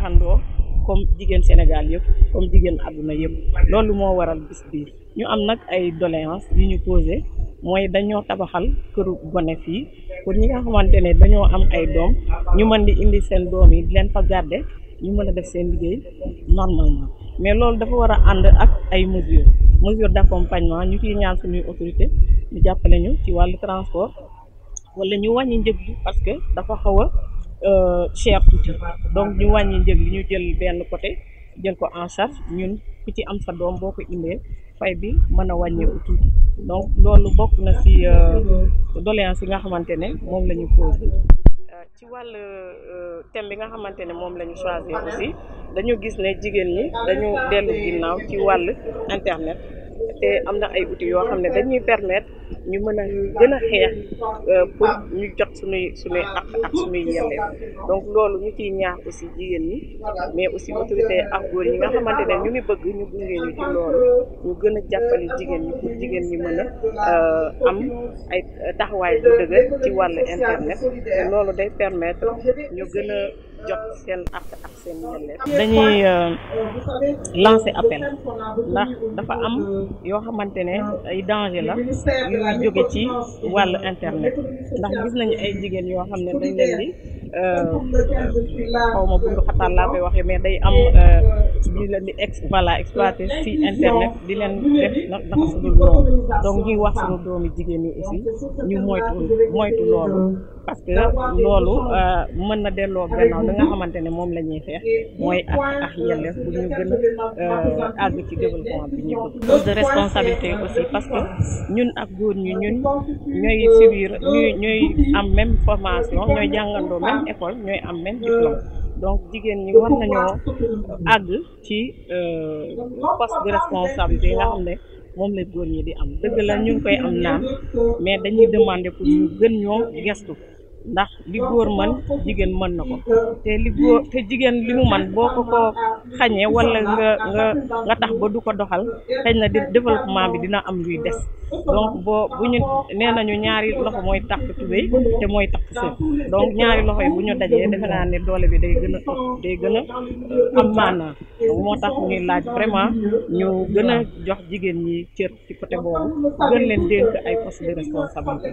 naxandoo comme jigéen Sénégal yëpp comme jigéen àdduna yëpp loolu moo waral bis bi ñu am nag ay doléance yu ñu posé mooy dañoo tabaxal këru gone fii pour ñi nga xamante ne dañoo am ay doom ñu mën di indi seen doom yi leen fa garde ñu mën a def seen liggéey normalement mais loolu dafa war a ànd ak ay mesures mesures d'accompagnement ñu ciy ñaan suñuy autorité ñu jàppale ñu ci wàllu transport wala ñu wàññi njëg parce que dafa xaw Euh, cher tuuti donc ñu wàññi njëg li ñu jël benn côté jël ko en charge ñun ku ci am sa doom boo ko indee fay bi mën a wàññeeku tuuti donc loolu bokk na ci euh, doléance yi nga xamante ne moom la ñu posé euh, ci wàll thème bi nga xamante ne moom la ñu choisir aussi dañu gis ne jigéen ñi dañu dellu ginnaaw ci wàll internet te am na ay outils yoo xam ne dañuy permettre ñu mën a ñu gën a xeex euh, pour ñu jot suñuy suñuy ak su suñuy yelleef donc loolu ñu ciy ñaax aussi jigéen ñi mais aussi autorité ak góor yi nga xamante ne ñu ngi bëgg ñu gunge ñu ci loolu ñu gën a jàppale jigéen ñi pour jigéen ñi mën a euh, am ay taxawaay bu dëgër ci wàllu internet loolu day permettre ñu gën a jot seen àq ak seen yelleef dañuy euh, lancer appel ndax dafa am yoo xamante ne ay danger la yuy jóge ci wàll internet ndax gis nañu ay jigéen yoo xam ne dañ leen di euh, xaw ma bundu xataan laa koy waxee mais day am euh, di leen di ex voilà exploité euh, ci internet di leen euh, def naka su dul noonu donc ñuy wax suñu doomi jigéen ñi aussi ñu moytu moytu loolu parce que loolu euh, mën na delloo gannaaw da nga xamante ne moom la ñuy xeex mooy ak ak yelleef bu ñu gën a ci développement bi ñu bëgg pose de parce que ñun ak góor ñu ñun ñooy subir ñuy ñooy am même formation ñooy jàngandoo même école ñooy am même diplôme donc jigéen ñi war nañoo àgg ci euh, poste de responsabilité yi nga ne moom la góor ñi di am dëgg la ñu ngi koy am naam mais dañuy demander pour gën ñoo gestu ndax li góor mën jigéen mën na ko te li góor te jigéen li mu mën boo ko ko xañee wala nga nga nga tax ba du ko doxal xañ na développement bi dina am luy des donc boo bu ñu nee nañu ñaari loxo mooy takk tubéy te mooy takk sër donc ñaari loxo yi bu ñu dajee defe naa ne doole bi day gën a day gën a am maanaa moo tax ñuy laaj vraiment ñu gën a jox jigéen ñi cër ci côté boobu gën leen dénk ay postes de responsabilité